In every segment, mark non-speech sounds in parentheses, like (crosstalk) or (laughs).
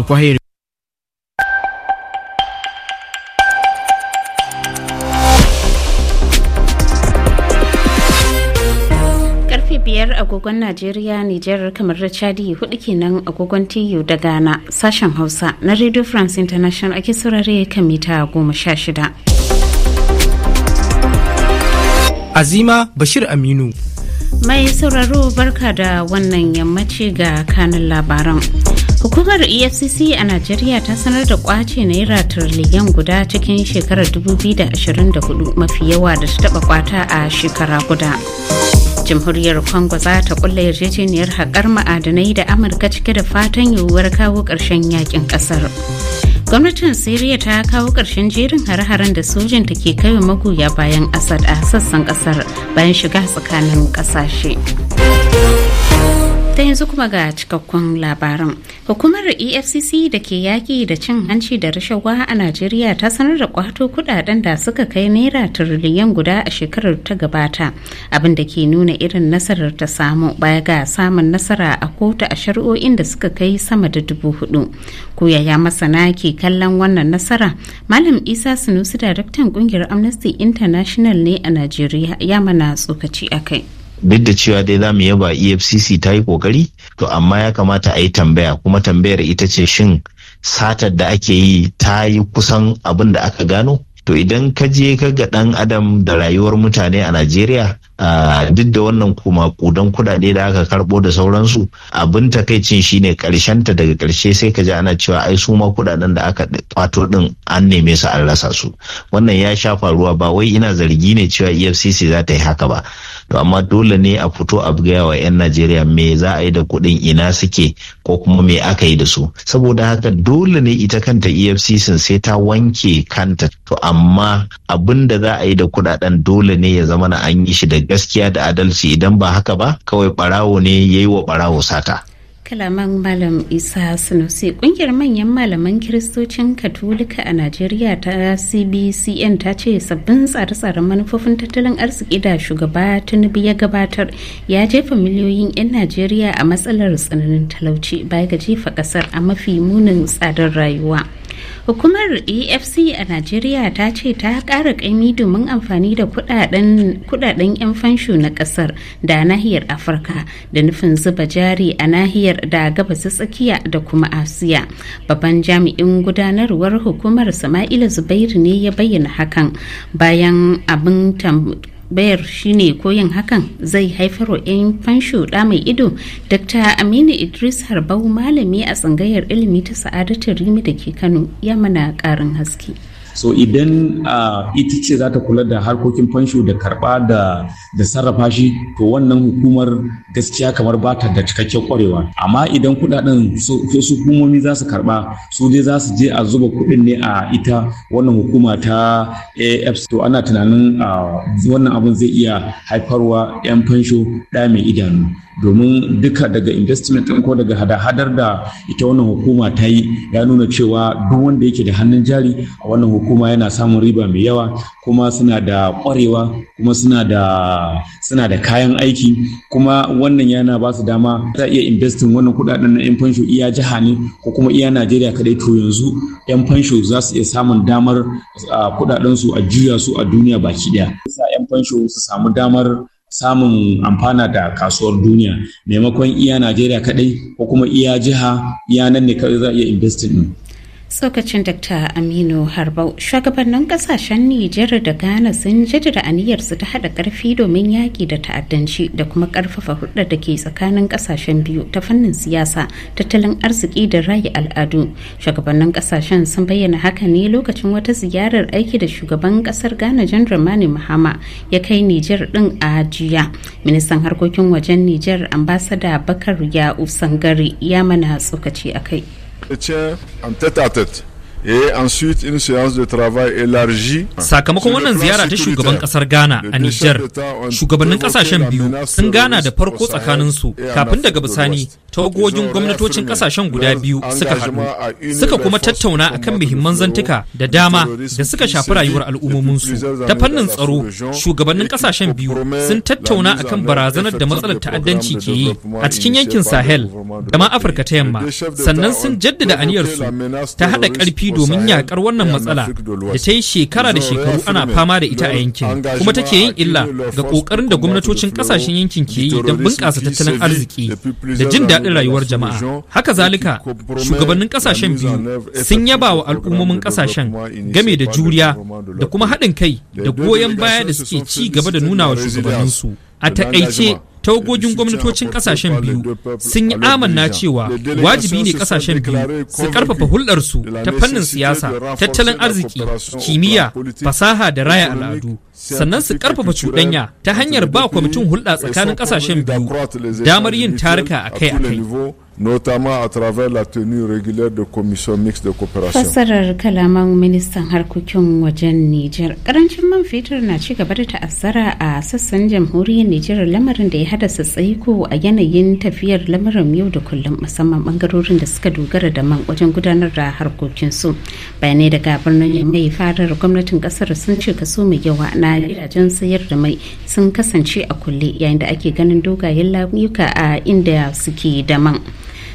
Kwa heri. karfe biyar agogon najeriya nijar kamar da chadi hudu kenan agogon tiyo da ghana sashen hausa na radio france international ake saurare kan mita goma sha shida azima bashir aminu mai sauraro barka da wannan yammaci ga kanin labaran Hukumar EFCC a Najeriya ta sanar da kwace naira tiriliyan guda cikin shekarar 2024 mafi yawa da ta taba kwata a shekara guda. Jamhuriyar Congo za ta kulla yarjejeniyar haƙar ma'adanai da Amurka cike da fatan yiwuwar kawo ƙarshen yakin ƙasar. Gwamnatin Siriya ta kawo ƙarshen jerin hare-haren da sojin ta ke kaiwa magoya bayan Asad a sassan ƙasar bayan shiga tsakanin ƙasashe. da yanzu kuma ga cikakkun labaran hukumar efcc da ke yaƙi da cin hanci da rashawa a najeriya ta sanar da kwato kudaden da suka kai naira tiriliyan guda a shekarar ta gabata abin da ke nuna irin nasarar ta samu baya ga samun nasara a kotu a shari'o'in da suka kai sama da dubu hudu koyaya masana ke kallon wannan nasara malam isa sinusi daraktan ƙungiyar amnesty international ne a najeriya ya mana tsokaci a kai duk da cewa dai za mu yaba efcc ta yi kokari to amma ya kamata a yi tambaya kuma tambayar ita ce shin satar da ake yi ta yi kusan abin da aka gano to idan ka je ka ga dan adam da rayuwar mutane a najeriya duk da wannan kuma kudan kudade da aka karbo da sauransu abin takaicin shine karshen ta daga karshe sai ka ji ana cewa ai su ma kudaden da aka kwato din an neme su an rasa su wannan ya sha faruwa ba wai ina zargi ne cewa efcc za ta yi haka ba to amma dole ne a fito a gaya wa 'yan najeriya me za a yi da kuɗin ina suke ko kuma me aka yi da su saboda haka dole ne ita kanta efcc sai ta wanke kanta to amma abin da za a yi da kuɗaɗen dole ne ya zama na an yi shi da gaskiya da adalci idan ba haka ba kawai ɓarawo ne ya yi wa ɓarawo sata kalaman malam isa sanusi kungiyar manyan malaman kiristocin katolika a najeriya ta cbcn ta ce sabbin tsare-tsaren manufofin tattalin arziki da shugaba tunubi ya gabatar ya jefa miliyoyin 'yan najeriya a matsalar tsananin talauci baya ga jefa kasar a mafi munin tsadar rayuwa Hukumar EFC a Najeriya ta ce ta kara kaimi domin amfani da kudaden 'yan fansho na kasar da nahiyar Afirka da nufin zuba jari a nahiyar da gabas tsakiya da kuma Asiya. Babban jami'in gudanarwar hukumar Sama'ila Zubairu ne ya bayyana hakan bayan abin bayar shine ne hakan zai haifar wa 'yan fansho da mai ido dr aminu idris harbau malami a tsangayar ilimi ta sa'adatar rimi da ke kano ya mana karin haske so idan ah, ita ce za ta kula da harkokin fansho da karba da da sarrafa shi to wannan hukumar gaskiya kamar ba ta da cikakken kwarewa amma idan kudaden su hukumomi za su karba su dai za su je a zuba kudin ne a ita wannan hukuma ta AFC to ana tunanin ah, wannan abin zai iya haifarwa 'yan fansho ɗaya mai idanu domin duka daga investment din ko daga hada-hadar da ita wannan hukuma ta yi ya nuna cewa duk wanda yake da hannun jari a wannan kuma yana samun riba mai yawa kuma suna da ƙwarewa kuma suna da suna da kayan aiki kuma wannan yana ba su dama za iya investin wannan kudaden na yan fansho iya jiha ne ko kuma iya Najeriya kadai to yanzu yan fansho za su iya samun damar kudaden su a juya su a duniya baki daya sa yan fansho su samu damar samun amfana da kasuwar duniya maimakon iya Najeriya kadai ko kuma iya jiha iya nan ne kadai za a iya investin din tsokacin dr aminu harbau shugabannin kasashen nijar da ghana sun jaddada aniyarsu ta hada karfi domin yaki da ta'addanci da kuma karfafa hulɗar da ke tsakanin kasashen biyu ta fannin siyasa tattalin arziki da rayu al'adu shugabannin kasashen sun bayyana haka ne lokacin wata ziyarar aiki da shugaban kasar ghana jan dramani mahama ya kai nijar din a jiya ministan harkokin wajen nijar ambasada bakar ya sangare ya mana tsokaci a kai en tête à tête. Et ensuite une séance Sakamakon wannan ziyara ta shugaban kasar Ghana a niger shugabannin kasashen biyu sun gana da farko tsakaninsu kafin daga bisani tagogin gwamnatocin kasashen guda biyu suka haɗu suka kuma tattauna akan muhimman zantuka da dama da suka shafi rayuwar al'ummominsu ta fannin tsaro shugabannin kasashen biyu sun tattauna akan barazanar da matsalar ta'addanci ke yi a cikin yankin sahel da ma afirka ta yamma sannan sun jaddada aniyarsu ta haɗa ƙarfi domin yaƙar wannan matsala da ta yi shekara da shekaru ana fama da ita a yankin kuma take yin illa ga ƙoƙarin da gwamnatocin ƙasashen yankin ke yi don bunƙasa tattalin arziki da jin daɗin daɗin rayuwar jama'a haka zalika shugabannin ƙasashen biyu sun yaba wa al'ummomin ƙasashen game da juriya da kuma haɗin kai da goyon baya da suke ci gaba da nuna wa shugabanninsu a taƙaice ta hukokin gwamnatocin kasashen biyu sun yi amanna cewa wajibi ne kasashen biyu su karfafa hulɗarsu ta fannin siyasa tattalin arziki kimiyya fasaha da raya al'adu sannan su karfafa cuɗanya ta hanyar ba kwamitin hulɗa tsakanin kasashen biyu damar yin tarika a kai notamment à travers la tenue kalaman ministan harkokin wajen Nijar. Karancin man fetur na ci gaba da ta'azzara a sassan jamhuriyar Nijar lamarin da ya su tsaiko a yanayin tafiyar lamarin yau da kullum musamman bangarorin da suka dogara da man wajen gudanar da harkokinsu bayanai daga birnin mai farar gwamnatin kasar sun ce kaso mai yawa na gidajen sayar da mai sun kasance a kulle yayin da ake ganin dogayen lamuka a inda suke da man.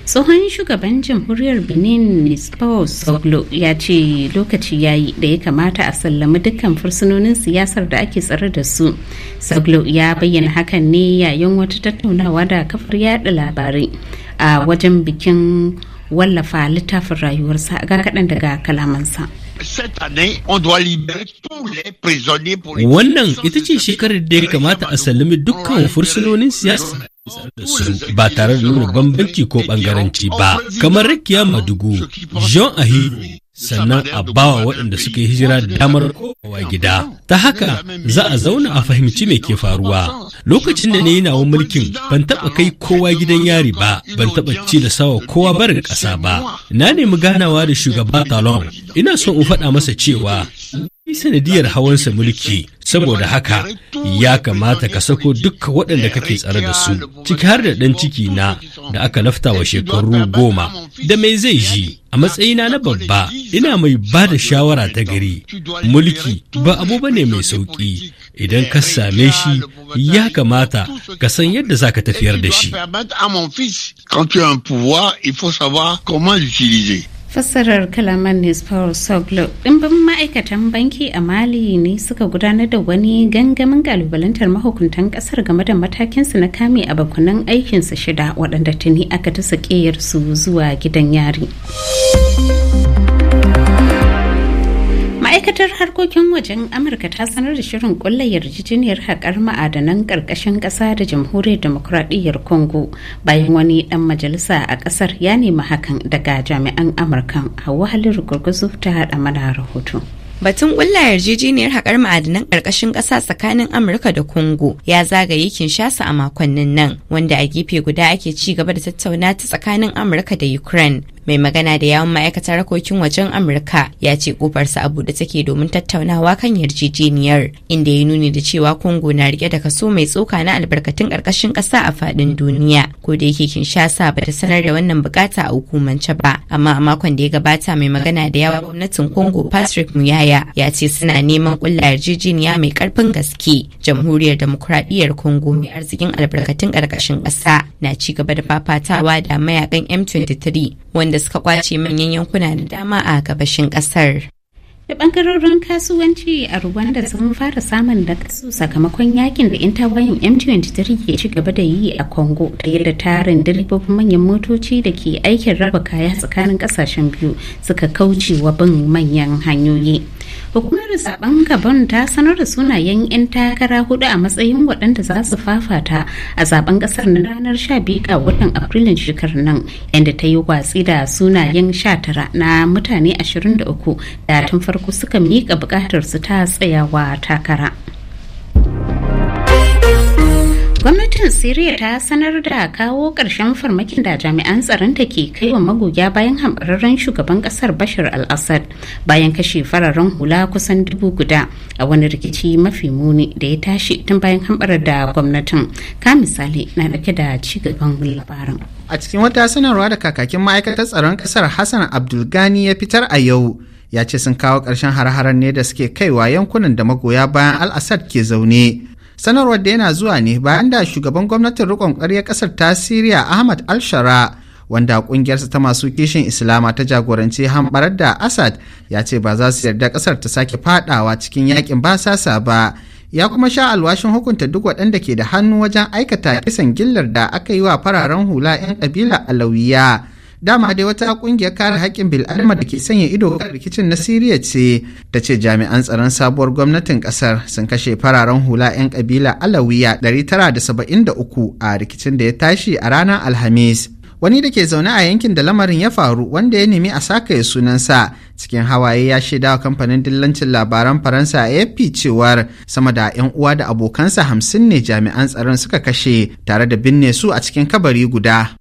tsohon shugaban jamhuriyar benin mispaus soglo ya ce lokaci ya yi da ya kamata a sallami dukkan fursunonin siyasar da ake tsare da su soglo ya bayyana hakan ne yayin wata tattaunawa da kafar yada labarai a wajen bikin wallafa littafin rayuwarsa ga kaɗan daga kalamansa Wannan ita ce shekarar da ya kamata a sallami dukkan fursunonin siyasa ba tare da nuna bambanci ko bangaranci ba kamar rikiya madugu jean ahi sannan a bawa waɗanda suka yi hijira da damar kowa gida ta haka za a zauna a fahimci me ke faruwa lokacin da na yi nawa mulkin ban taɓa kai kowa gidan yari ba ban taɓa ci da sawa kowa barin ƙasa ba na nemi ganawa da shugaba talon ina son in faɗa masa cewa sanadiyar hawansa mulki saboda haka ya kamata ka sako dukka waɗanda kake tsare da su ciki har da ɗan ciki na da aka lafta wa shekaru goma da mai zai ji a matsayina na babba ina mai ba da shawara ta gari mulki ba abu ba ne mai sauƙi idan ka same shi ya kamata ka san yadda za ka tafiyar da shi fassarar kalaman nisfar soglo ɗimbin ma'aikatan banki a mali ne suka gudanar da wani gangamin kalubalantar mahukuntan ƙasar game da matakinsu na kame a bakunan aikinsu shida waɗanda tuni aka ta su zuwa gidan yari. ma'aikatar harkokin wajen amurka ta sanar da shirin kulla yarjejeniyar haƙar ma'adanan ƙarƙashin ƙasa da jamhuriyar demokuraɗiyyar congo bayan wani ɗan majalisa a ƙasar ya nemi hakan daga jami'an amurkan hawa halin gurguzu ta haɗa mana rahoto Batun ƙulla yarjejeniyar haƙar ma'adanan ƙarƙashin ƙasa tsakanin Amurka da Congo ya zagaye Kinshasa a makonnin nan, wanda a gefe guda ake ci gaba da tattauna ta tsakanin Amurka da Ukraine. mai magana da yawon ma'aikatar harkokin wajen amurka ya ce kofarsa a buɗe take domin tattaunawa kan yarjejeniyar inda ya nuni da cewa congo na rike da kaso mai tsoka na albarkatun karkashin ƙasa a faɗin duniya ko da yake kinshasa ba ta sanar da wannan bukata a hukumance ba amma a makon da ya gabata mai magana da yawa gwamnatin congo patrick muyaya ya ce suna neman ƙulla yarjejeniya mai karfin gaske jamhuriyar demokuraɗiyyar congo mai arzikin albarkatun ƙarƙashin ƙasa na ci gaba da fafatawa da mayakan m23 wanda da suka kwace manyan yankuna da dama a gabashin kasar. da bangarorin kasuwanci a ruwan da sun fara samun da kasu sakamakon yakin da 'yan m23 ke ci gaba da yi a congo ta yadda tarin direbobin manyan motoci da ke aikin raba kaya tsakanin kasashen biyu suka kauce wa bin manyan hanyoyi Hukumar zaben Gabon ta sanar da sunayen 'yan takara hudu a matsayin waɗanda za su fafata a zaben ƙasar na ranar 12 ga watan Afrilun shekarar nan, yadda ta yi watsi da sunayen 19 na mutane 23 da tun farko suka mika bukatar su ta tsayawa takara. Gwamnatin Siriya ta sanar da kawo ƙarshen farmakin da jami'an tsaron ta ke kai wa magoya bayan hamɓararren shugaban ƙasar Bashar al-Assad bayan kashe fararen hula kusan dubu guda a wani rikici mafi muni da ya tashi tun bayan hamɓarar da gwamnatin. Ka misali na dake da ci gaban labarin. A cikin wata sanarwa da kakakin ma'aikatar tsaron ƙasar Hassan Abdulgani ya fitar a yau. ya ce sun kawo ƙarshen har-haren ne da suke kaiwa yankunan da magoya bayan al-assad ke zaune sanarwar da yana zuwa ne bayan da shugaban gwamnatin rikon ƙwarya ƙasar ta siriya ahmad alshara wanda ƙungiyarsa ta masu kishin islama ta jagoranci hambarar da Asad ya ce ba za su yarda ƙasar ta sake fadawa cikin yakin basasa ba ya kuma sha alwashin hukunta duk waɗanda ke da hannu wajen aikata kisan gillar da aka yi wa fararen hula 'yan ƙabilar alawiya dama dai wata kungiyar kare haƙƙin bil'adama da ke sanya ido kan rikicin na siriya ce ta ce jami'an tsaron sabuwar gwamnatin ƙasar sun kashe fararen hula 'yan kabila alawiya 973 a rikicin da ya tashi a ranar alhamis wani da ke zaune a yankin da lamarin ya faru wanda ya nemi a saka ya sunansa cikin hawaye ya shaida wa kamfanin dillancin labaran faransa afp cewar sama da 'yan uwa da abokansa hamsin ne jami'an tsaron suka kashe tare da binne su a cikin kabari guda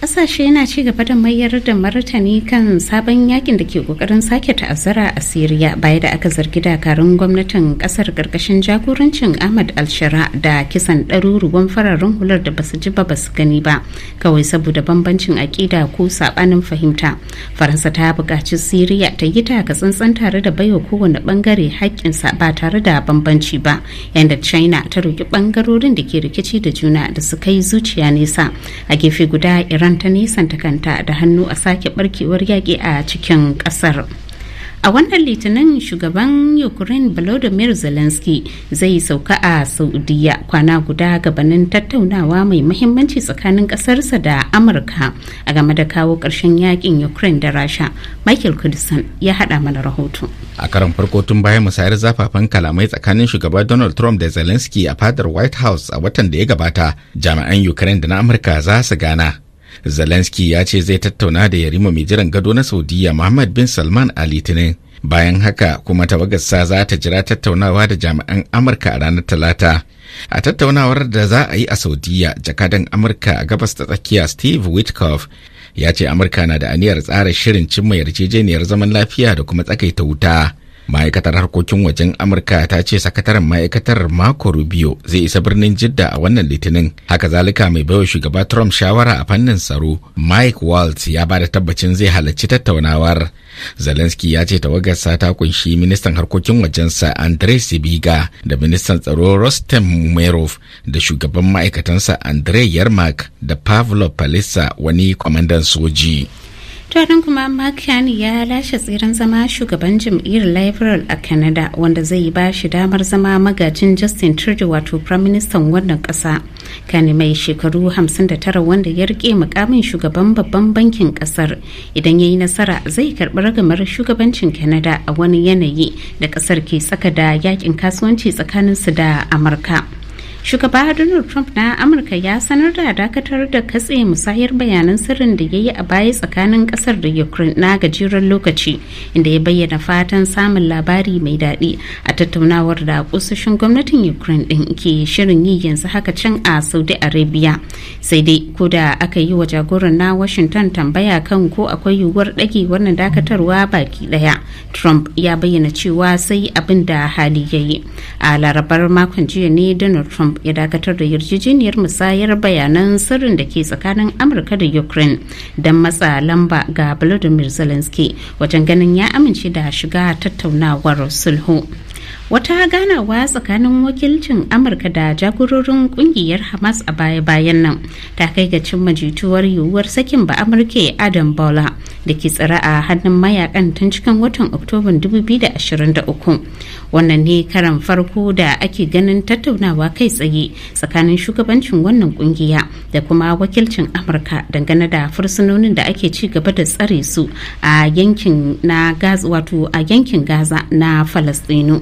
kasashe yana ci gaba da mayar da martani kan sabon yakin da ke kokarin sake ta'azzara a siriya baya da aka zargi dakarun gwamnatin kasar karkashin jagorancin ahmad alshara da kisan ɗaruruwan fararen hular da basu ji ba basu gani ba kawai saboda bambancin aƙida ko sabanin fahimta faransa ta buƙaci siriya ta yi taka tsantsan tare da baiwa kowane bangare haƙƙinsa ba tare da bambanci ba yadda china ta roƙi bangarorin da ke rikici da juna da su kai zuciya nesa a gefe guda iran nisan ta nisanta kanta da hannu a sake barkewar yaƙi a cikin ƙasar a wannan litinin shugaban ukraine volodymyr zelensky zai sauka a saudiya kwana guda gabanin tattaunawa mai mahimmanci tsakanin ƙasarsa da amurka a game da kawo ƙarshen yakin ukraine da rasha michael kudisan ya haɗa mana rahoto a karan farko tun bayan musayar zafafan kalamai tsakanin shugaba donald trump da zelensky a fadar white house a watan da ya gabata jami'an ukraine da na amurka za su gana Zelensky ya ce zai tattauna da yarima mai jiran gado na Saudiya Muhammad bin Salman a Litinin. Bayan haka kuma ta tawagarsa za ta jira tattaunawa da jami'an Amurka a ranar Talata. A tattaunawar da za a yi a Saudiya, jakadan Amurka a gabas ta tsakiya Steve Witkoff ya ce Amurka na da aniyar tsara shirin cimma yarjejeniyar zaman lafiya da kuma tsakaita wuta. ma'aikatar harkokin wajen amurka ta ce sakataren ma'aikatar marco rubio zai isa birnin jidda a wannan litinin haka zalika mai baiwa shugaba trump shawara a fannin tsaro mike waltz ya bada tabbacin zai halarci tattaunawar zelensky ya ce tawagarsa ta kunshi ministan harkokin wajensa andre sibiga da ministan tsaro rostem merov da shugaban ma'aikatansa Andrey yermak da pavlo palisa wani kwamandan soji taron kuma makiyani ya lashe tseren zama shugaban jam'iyyar liberal a canada wanda zai yi bashi damar zama magajin justin trudeau wato prime minister wannan kasa kani mai shekaru 59 wanda ya rike mukamin shugaban babban bankin kasar idan ya yi nasara zai karbi ragamar shugabancin canada a wani yanayi da kasar ke tsaka da yakin kasuwanci tsakanin su da amurka shugaba donald trump na amurka ya sanar da dakatar da katse musayar bayanan sirrin da ya yi a baya tsakanin kasar da ukraine na gajeren lokaci inda ya bayyana fatan samun labari mai daɗi a tattaunawar da kusoshin gwamnatin ukraine ɗin ke shirin yi yanzu haka can a saudi arabia sai dai ko da aka yi wa jagoran na washington tambaya kan ko akwai yiwuwar ɗage wannan dakatarwa baki ɗaya trump ya bayyana cewa sai abin da hali ya yi a larabar makon jiya ne donald trump trump ya dakatar da yarjejeniyar musayar bayanan sirrin da ke tsakanin amurka da ukraine don matsa lamba ga Vladimir zelensky wajen ganin ya amince da shiga tattaunawar sulhu wata ganawa tsakanin wakilcin amurka da jagororin kungiyar hamas a baya-bayan nan ta kai ga cimma jituwar yiwuwar sakin ba amurka adam bola da ke tsara a hannun mayakan tun cikin watan oktoban 2023 wannan ne karan farko da ake ganin tattaunawa kai tsaye tsakanin shugabancin wannan kungiya da kuma wakilcin amurka dangane da fursunonin da ake ci gaba da tsare su a yankin na gaza wato a yankin gaza na falastinu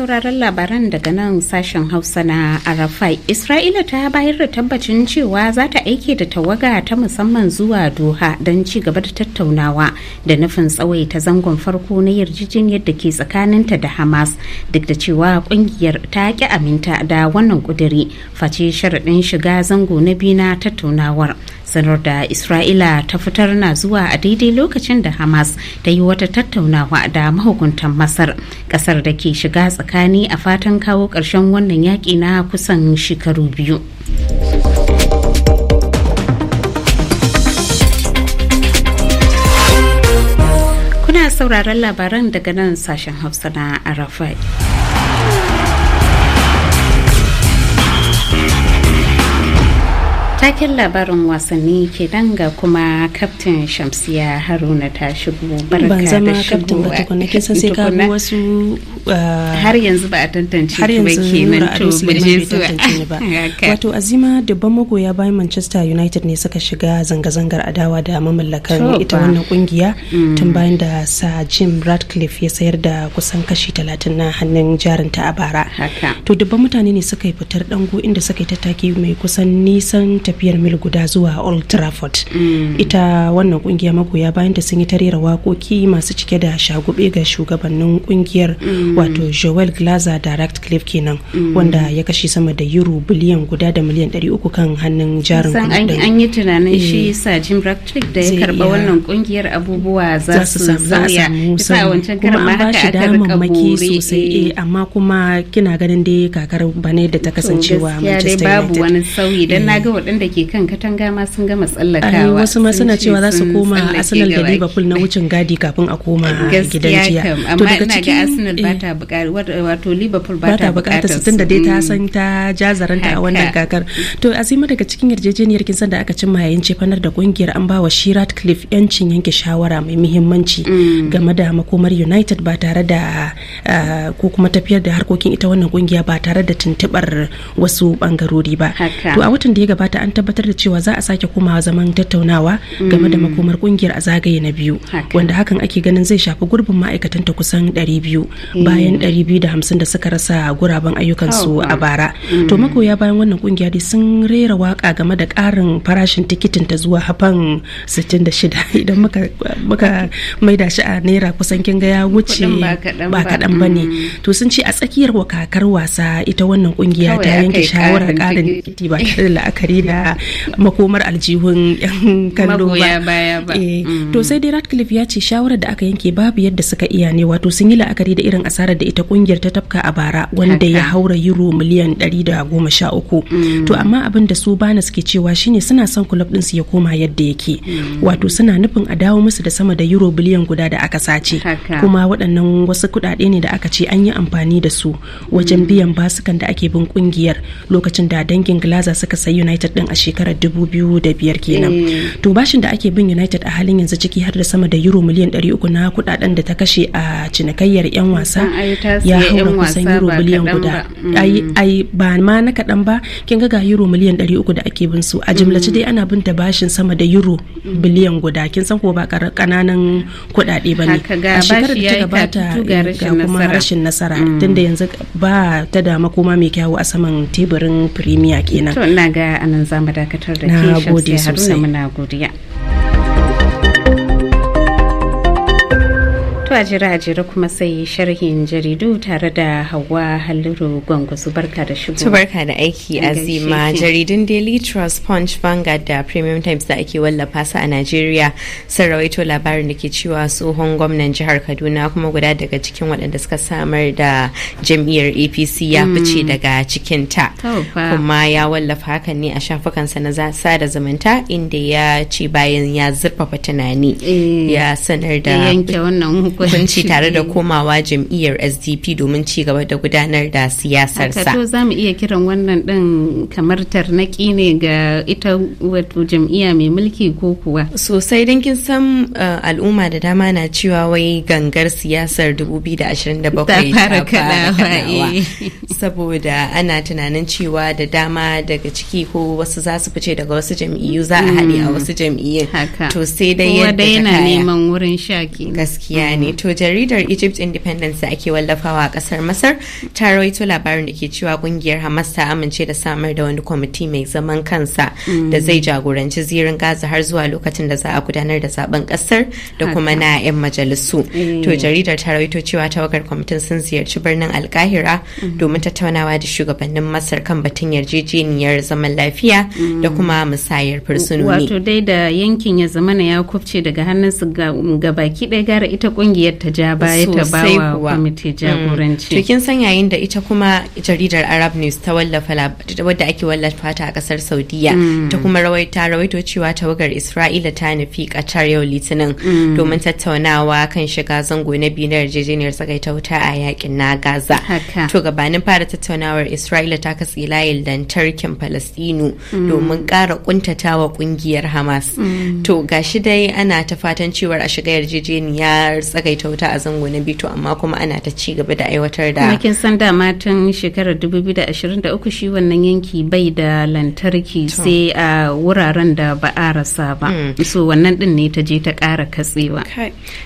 sauraron labaran daga nan sashen Hausa na Arafai. Isra'ila ta bayar da tabbacin cewa za ta aike da tawaga ta musamman zuwa Doha don ci gaba da tattaunawa da nufin tsawai ta zangon farko na yarjejeniyar da ke tsakaninta da Hamas duk da cewa kungiyar ta ki aminta da wannan kuduri face sharaɗin shiga zango na biyu na tattaunawar. sanar da isra'ila ta fitar na zuwa a daidai lokacin da hamas ta yi wata tattaunawa da mahukuntan masar kasar da ke shiga tsakani a fatan kawo ƙarshen wannan yaƙi na kusan shekaru biyu kuna sauraron labaran daga nan sashen hausa na arafai cikin labarin wasanni ke ga kuma kaftin shamsiya haruna ta shigo barka da shigowa tukuna wasu ah, har yanzu ba a tantance ba to (laughs) wato azima dubban magoya bayan manchester united ne suka shiga zanga-zangar adawa da mamallakan ita wannan kungiya mm. tun bayan da sa jim radcliffe ya sayar da kusan kashi talatin na hannun jarinta a bara to dubban mutane ne suka yi fitar dango inda suka yi tattaki mai kusan nisan tafiya biyar mil guda zuwa old trafford mm. ita wannan kungiya magoya bayan da sun yi tarera wakoki masu cike da shagube ga shugabannin kungiyar mm. wato joel glazer direct cliff kenan mm. wanda ya kashe sama da euro biliyan guda da miliyan ɗari uku kan hannun jarin kudin an yi tunanin shi eh. sa jim ratcliffe da ya karba wannan kungiyar abubuwa za su sauya isa wancan karin ma haka aka rika bore eh. Eh, amma kuma kina ganin dai kakar bane da ta kasancewa manchester united babu wani sauyi dan naga waɗanda ke ke kan katanga ma sun gama tsallakawa wasu ma suna cewa za su koma arsenal da liverpool na wucin gadi kafin a koma (laughs) gidan jiya amma ina ga arsenal ba eh. ta bukatar wato liverpool ba ta bukatar su tunda dai ta san ta jazaranta a wannan kakar to azima daga cikin yarjejeniyar kin san da aka cimma yayin fanar da kungiyar an bawa shirat cliff yancin yanke shawara mai muhimmanci mm. game da makomar united ba tare da eh, ko kuma tafiyar da harkokin ita wannan kungiya ba tare da tuntubar wasu bangarori ba to a watan da ya gabata an tabbatar tabbatar da cewa za a sake komawa zaman tattaunawa game da mm. makomar kungiyar a zagaye na biyu wanda hakan ake ganin zai shafi gurbin ma'aikatan ta kusan 200 bayan 250 mm. da suka rasa guraben ayyukansu oh, a bara mm. to makoya bayan wannan kungiya dai sun rera waka game da karin farashin tikitin ta zuwa hafan 66 (laughs) idan muka maida shi a naira kusan kinga ya wuce ba kaɗan ba ne to sun ce a tsakiyar wakakar wasa ita wannan kungiya ta yanke shawarar karin tikiti ba tare da la'akari da makomar aljihun yan kallo ba eh, to mm. sai dai Radcliffe ya ce shawarar da aka yanke babu yadda suka iya ne wato sun yi la'akari da irin asarar da ita kungiyar ta tafka a bara wanda ya haura euro miliyan ɗari da goma 113 mm. to amma abin da su bana suke cewa shine suna son kulob din su ya koma yadda yake mm. wato suna nufin a dawo musu da sama da euro biliyan guda da aka sace kuma waɗannan wasu kuɗaɗe ne da aka ce an yi amfani da su wajen biyan basukan da ake bin kungiyar lokacin da dangin Glazer suka sayi United din a shekarar 2005 kenan eh. to bashin da ake bin united a halin yanzu ciki har da sama da euro miliyan 300 na kudaden da ta kashe a cinikayyar yan wasa ya haura kusan euro miliyan guda mm. ai ba ma na kaɗan ba kin ga ga euro miliyan 300 da ake bin su a jimlace mm. dai ana bin ta bashin sama da euro mm. biliyan guda kin san ko ba kananan kuɗaɗe ba ne a shekarar da ta gabata ga kuma rashin nasara tunda yanzu ba ta da makoma mai kyawu a saman teburin premier kenan to ina ga anan madakatar dakatar da ke shamsiya haruna muna godiya To a jira a jira kuma sai sharhin jaridu tare da Hauwa Halliru su barka da shigo. barka da aiki azima jaridun Daily Trust Punch Vanguard da Premium Times da ake wallafa su a Najeriya sun rawaito labarin da ke cewa tsohon gwamnan jihar Kaduna kuma guda daga cikin waɗanda suka samar da jam'iyyar APC ya mm. fice daga cikin ta. Kuma ya wallafa hakan ne a shafukansa na sada zumunta inda ya ce bayan ya zurfafa tunani eh. ya sanar da hukunci tare da komawa jam'iyyar SDP domin ci gaba da gudanar da siyasarsa. to za mu iya kiran wannan din kamar tarnaki ne ga ita wato jam'iyya mai mulki ko kuwa. Sosai don kin san uh, al'umma da dama na cewa wai gangar siyasar 2027 ta fara Saboda ana tunanin cewa da dama daga ciki ko wasu za su fice daga wasu jam'iyyu za a haɗe a mm. wasu jam'iyyun. To sai dai yadda ta kaya. neman wurin shaki. Gaskiya ne. to jaridar Egypt Independence da ake wallafawa a kasar Masar ta rawaito labarin da ke cewa kungiyar Hamas ta amince da samar da wani kwamiti mai zaman kansa da zai mm. jagoranci zirin Gaza har zuwa lokacin da za a gudanar da zaben kasar da kuma na 'yan majalisu. Eh. To jaridar ta rawaito cewa tawagar kwamitin sun ziyarci birnin Alkahira mm-hmm. domin tattaunawa da shugabannin Masar kan batun yarjejeniyar zaman lafiya da mm. kuma musayar fursunoni. Wato dai da yankin ya zamana ya kufce daga hannun su ga baki ɗaya gara ita kungiyar kungiyar ta ja baya ta bawa kwamiti mm. jagoranci to kin san yayin da ita kuma jaridar Arab News ta wallafa wadda ake wallafa ta a kasar Saudiya mm. ta kuma rawaita rawaito cewa tawagar Isra'ila ta nufi kacar yau Litinin mm. domin tattaunawa kan shiga zango na biyu na yarjejeniyar tsagaita wuta a yakin na Gaza to gabanin fara tattaunawar Isra'ila ta katse layin lantarkin Falastinu domin kara kuntatawa kungiyar Hamas to gashi dai ana ta fatan cewar a shiga yarjejeniyar tsagaita kai ta wuta a zango na bito amma kuma ana ta ci gaba da aiwatar da kin san dama tun shekarar 2023 shi wannan yanki bai da lantarki sai a wuraren da ba a rasa ba mm. so wannan din ne ta je ta ƙara katsewa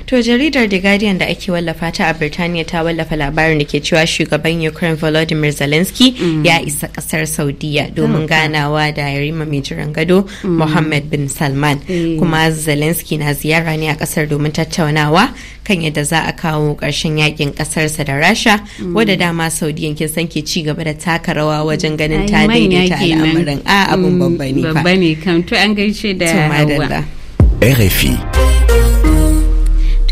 to jaridar the guardian da ake wallafa ta a birtaniya ta wallafa labarin da ke cewa shugaban ukraine volodymyr zelensky mm. ya isa ƙasar saudiya domin oh, ganawa da yarima mai jiran gado mm. mohammed bin salman eh. kuma zelensky na ziyara ne a ƙasar domin tattaunawa kan kan yadda za a kawo ƙarshen yakin ƙasarsa da rasha wadda mm. dama saudiyan kin san ke ci gaba da taka rawa wajen ganin ta daidaita al'amarin a abun mm, babba ne fa. Babba ne kam to an gaishe da hawa. RFI.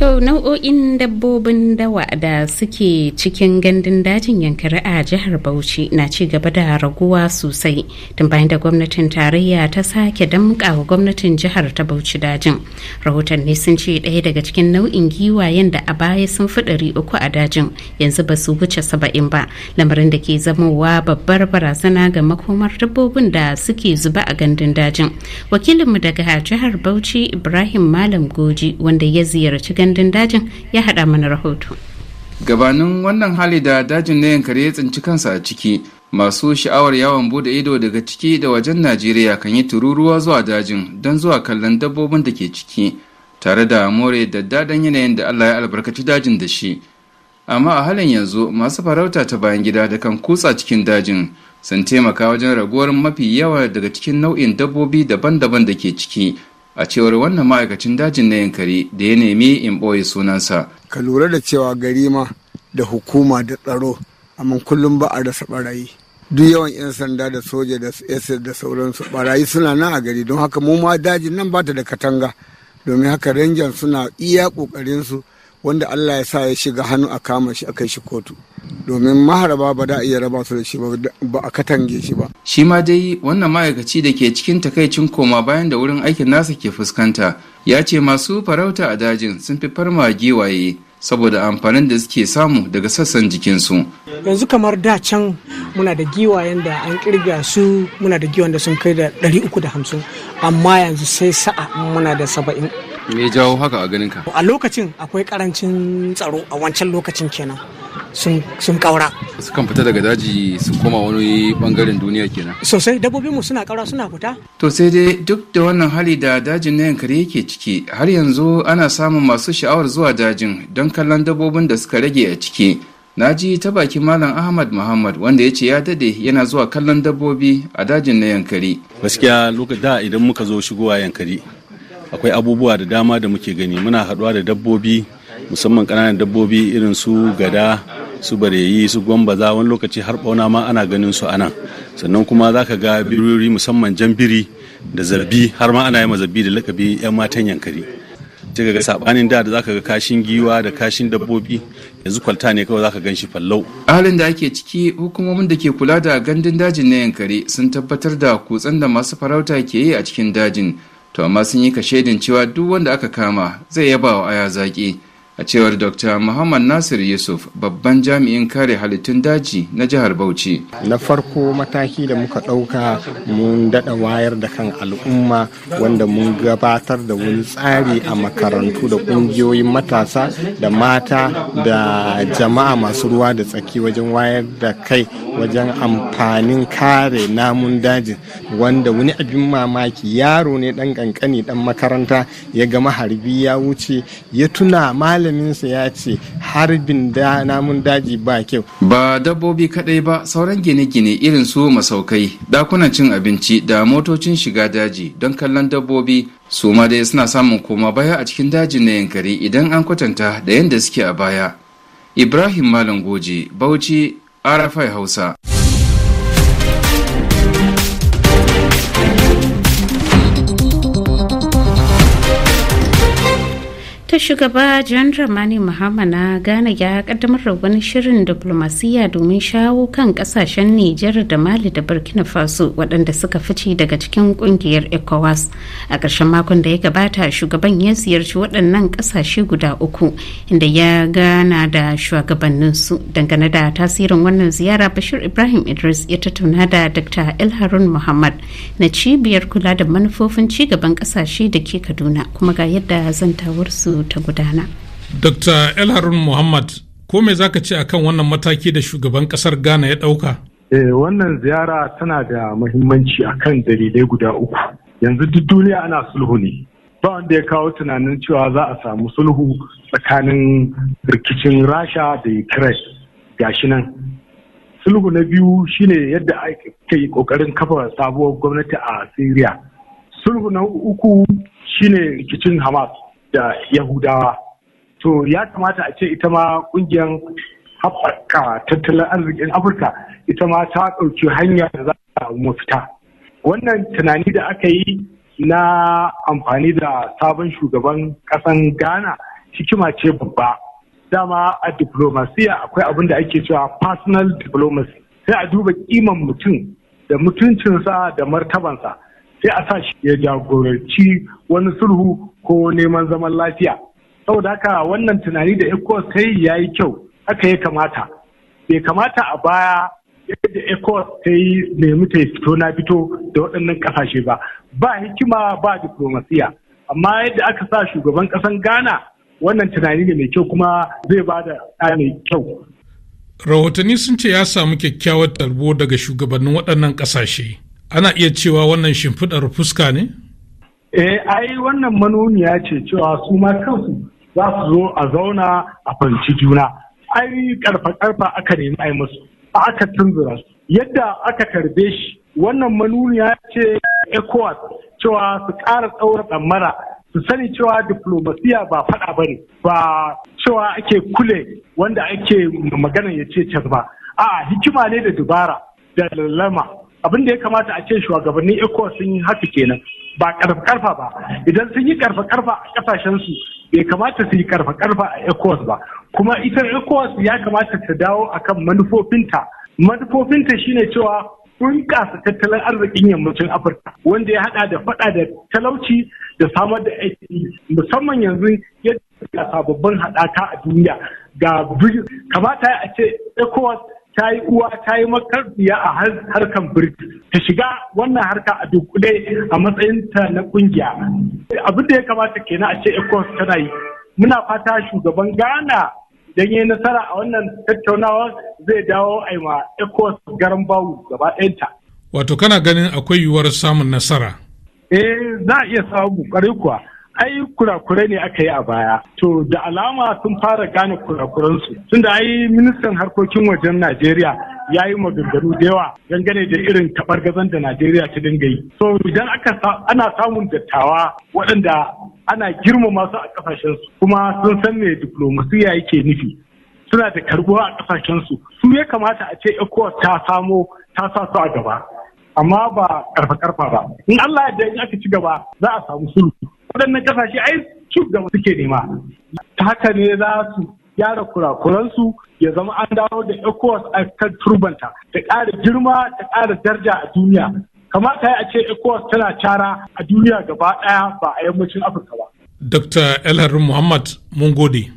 To nau'o'in dabbobin dawa da suke cikin gandun dajin yankari a jihar Bauchi na ci gaba da raguwa sosai tun bayan da gwamnatin tarayya ta sake damƙa wa gwamnatin jihar ta Bauchi dajin. Rahotanni sun ce ɗaya daga cikin nau'in giwayen da a baya sun fi ɗari uku a dajin yanzu ba su wuce saba'in ba lamarin da ke zamowa babbar barazana ga makomar dabbobin da suke zuba a gandun dajin. Wakilinmu daga jihar Bauchi Ibrahim Malam Goji wanda ya ziyarci gandun gandun dajin ya hada mana rahoto gabanin wannan hali da dajin na yankari ya tsinci kansa a ciki masu sha'awar yawon bude ido daga ciki da wajen najeriya kan yi tururuwa zuwa dajin don zuwa kallon dabbobin da ke ciki tare da more da dadan yanayin da allah ya albarkaci dajin da shi amma a halin yanzu masu farauta ta bayan gida da kan kutsa cikin dajin sun taimaka wajen raguwar mafi yawa daga cikin nau'in dabbobi daban-daban da ke ciki a cewar wannan ma'aikacin dajin na yankari da ya nemi in ɓoye sunansa ka lura da cewa gari ma da hukuma da tsaro amma kullum ba a rasa barayi duk yawan 'yan sanda da soja da ss da sauransu barayi suna nan a gari don haka mu ma dajin nan bata da katanga domin haka rangers suna iya ƙoƙarinsu su wanda Allah ya sa ya shiga hannu a kama shi a kai shi kotu domin maharaba ba da iya raba su da shi ba a katange shi ba. Shi ma dai wannan ma'aikaci da ke cikin takaicin koma bayan da wurin aikin nasa ke fuskanta ya ce masu farauta a dajin sun fi farma giwaye saboda amfanin da suke samu daga sassan jikinsu. Yanzu kamar da can muna da giwayen da an kirga su muna da giwayen da sun kai da 350 amma yanzu sai sa'a muna da saba'in. me jawo haka a ganinka a lokacin akwai karancin tsaro a wancan lokacin kenan sun kaura sukan fita daga daji su koma wani bangaren duniya kenan sosai dabbobinmu suna kaura suna fita to sai dai duk da wannan hali da dajin na yankari yake ciki har yanzu ana samun masu sha'awar zuwa dajin don kallon dabbobin da suka rage a ciki na ji ta baki malam ahmad muhammad wanda ya ce ya dade yana zuwa kallon dabbobi a dajin na yankari gaskiya lokacin da idan muka zo shigowa yankari akwai abubuwa da dama da muke gani muna haɗuwa da dabbobi musamman kananan dabbobi irin su gada su bareyi su gwambaza wani lokaci har bauna ma ana ganin su anan sannan kuma za ka ga biriri musamman jambiri da zarbi har ma ana yi ma da lakabi 'yan matan yankari ta ga sabanin da za ka ga kashin giwa da kashin dabbobi yanzu kwalta ne kawai za ka gan shi fallau halin da ake ciki hukumomin da ke kula da gandun dajin na yankari sun tabbatar da kutsen da masu farauta ke yi a cikin dajin to amma sun yi kashedin cewa duk wanda aka kama zai yaba wa aya zaƙi a cewar dr muhammad nasir yusuf babban jami'in kare halittun daji na jihar bauchi na farko mataki da muka ɗauka mun daɗa wayar da kan al'umma wanda mun gabatar da wani tsari a makarantu da ƙungiyoyin matasa da mata da jama'a masu ruwa da tsaki wajen wayar da kai wajen amfanin kare namun daji wanda wani abin mamaki yaro ne ɗan ƙanƙani ɗan makaranta ya gama harbi ya wuce ya tuna malaminsa ya ce harbin da namun daji ba kyau ba dabbobi kadai ba sauran gine-gine irin su masaukai dakunan cin abinci da motocin shiga daji don kallon dabbobi su ma dai suna samun koma baya a cikin dajin na yankari idan an kwatanta da yadda suke a baya ibrahim malam goji bauchi rfi hausa ta shugaba john ramani muhammad na ghana ya kaddamar da wani shirin diplomasiya domin shawo kan kasashen nijar da mali da burkina faso waɗanda suka fice daga cikin kungiyar ecowas a ƙarshen makon da ya gabata shugaban ya ziyarci waɗannan ƙasashe guda uku inda ya gana da shugabanninsu dangane da tasirin wannan ziyara bashir ibrahim idris ya tattauna da dr elharun muhammad na cibiyar kula da manufofin ci gaban ƙasashe da ke kaduna kuma ga yadda zantawarsu ta gudana. Dr. El Harun Muhammad, ko me za ka ce akan wannan mataki da shugaban ƙasar Ghana ya ɗauka? Eh, wannan ziyara tana da muhimmanci kan dalilai guda uku. Yanzu duk duniya ana sulhu ne. Ba wanda ya kawo tunanin cewa za a samu sulhu tsakanin rikicin Rasha da Ukraine gashi nan. Sulhu na biyu shine yadda ake yi ƙoƙarin kafa sabuwar gwamnati a Syria. Sulhu na uku shine rikicin Hamas. da yahudawa to ya kamata a ce ita ma ƙungiyar haɓaka tattalin arzikin afirka ita ma ta ɗauki hanya da za a mafita wannan tunani da aka yi na amfani da sabon shugaban ƙasan ghana hikima ce babba dama a diplomasiya akwai abin da ake cewa personal diplomacy sai a duba kiman mutum da mutuncinsa da martabansa sai a sa shi ya jagoranci wani sulhu ko neman zaman lafiya saboda haka wannan tunani da ECOWAS ta yi ya yi kyau aka ya kamata bai kamata a baya yadda ECOWAS ta yi nemi ta fito na fito da waɗannan ƙasashe ba ba hikima ba diplomasiya amma yadda aka sa shugaban ƙasan Ghana wannan tunani ne mai kyau kuma zai ba da mai kyau rahotanni sun ce ya samu kyakkyawar tarbo daga shugabannin waɗannan ƙasashe. ana iya cewa wannan shimfiɗar fuska ne? Eh, ai wannan manuniya ce cewa su ma kansu za su zo a zauna a fahimci juna. Ai karfa-karfa aka nemi ai musu, aka tunzura su. Yadda aka karbe shi, wannan manuniya ce ECOWAS cewa su ƙara tsaura tsammara su sani cewa diplomasiya ba faɗa ba ne, ba cewa ake kule wanda ake magana ya ce ba. A'a hikima ne da dubara da lallama abin da ya kamata a ce shugabannin ecowas sun yi haka kenan ba karfa ba idan sun yi karfa karfa a kasashen su bai kamata su yi karfa karfa a ecowas ba kuma ita ecowas ya kamata ta dawo akan manufofinta manufofinta shine cewa bunƙasa tattalin arzikin yammacin afirka wanda ya hada da fada da talauci da samar da aiki musamman yanzu yadda sababbin haɗaka a duniya ga kamata a ce ecowas ta yi uwa ta yi makarfiya a harkan birki ta shiga wannan harka a dukule a matsayinta na kungiya abin da ya kamata kenan a ce ecos tana yi muna fata shugaban ghana don yi nasara a wannan tattaunawa zai dawo a ma ecos garan bawu gaba ɗayanta wato kana ganin akwai yiwuwar samun nasara eh za a iya samu ƙwarai kuwa ai kurakurai ne aka yi a baya to da alama sun fara gane kurakuransu tunda ai ministan harkokin wajen najeriya ya yi maganganu da yawa dangane da irin gazan da najeriya ta dinga yi so idan ana samun dattawa waɗanda ana girmama su a kasashensu kuma sun san me diplomasiya yake nufi suna da karbuwa a kasashensu su ya kamata a ce ecowas ta samo ta sa su a gaba amma ba karfa karfa ba in allah da in aka ci gaba za a samu sulhu waɗannan kasashe ai cuk gaba suke nema ta haka ne za su gyara kurakuransu ya zama an dawo da ecowas a kan turbanta ta ƙara girma ta ƙara darja a duniya kamata a ce ecowas tana cara a duniya gaba ɗaya ba a yammacin afirka ba dr elharin muhammad mun gode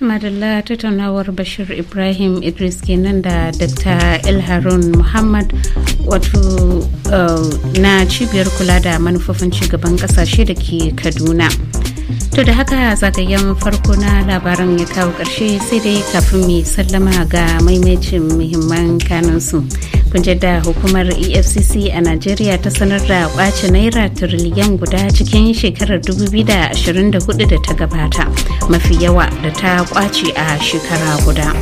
madalla tattaunawar bashir ibrahim idris kenan da dr ilharun muhammad wato uh, na cibiyar kula da manufofin cigaban kasashe da ke kaduna To da haka zagayen farko na labaran ya kawo ƙarshe sai dai kafin mai sallama ga maimacin muhimman kanansu. Kun da hukumar EFCC a Najeriya ta sanar da ɓaci naira tiriliyan guda cikin shekarar 2024 da ta gabata mafi yawa da ta ƙwace a shekara guda.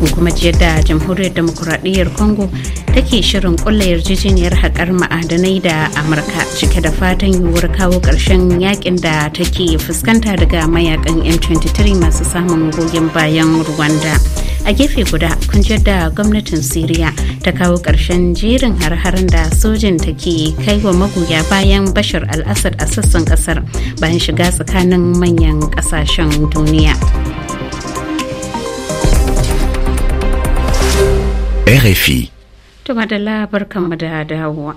mu kuma ji yadda jamhuriyar demokuraɗiyyar congo take shirin kulla yarjejeniyar haƙar ma'adanai da amurka cike da fatan yiwuwar kawo ƙarshen yakin da take fuskanta daga mayakan m23 masu samun goyon bayan rwanda a gefe guda kun da gwamnatin syria ta kawo ƙarshen jerin har harin da sojin take kai wa magoya bayan bashar al a sassan ƙasar bayan shiga tsakanin manyan ƙasashen duniya RFI. To madalla barkanmu da dawowa.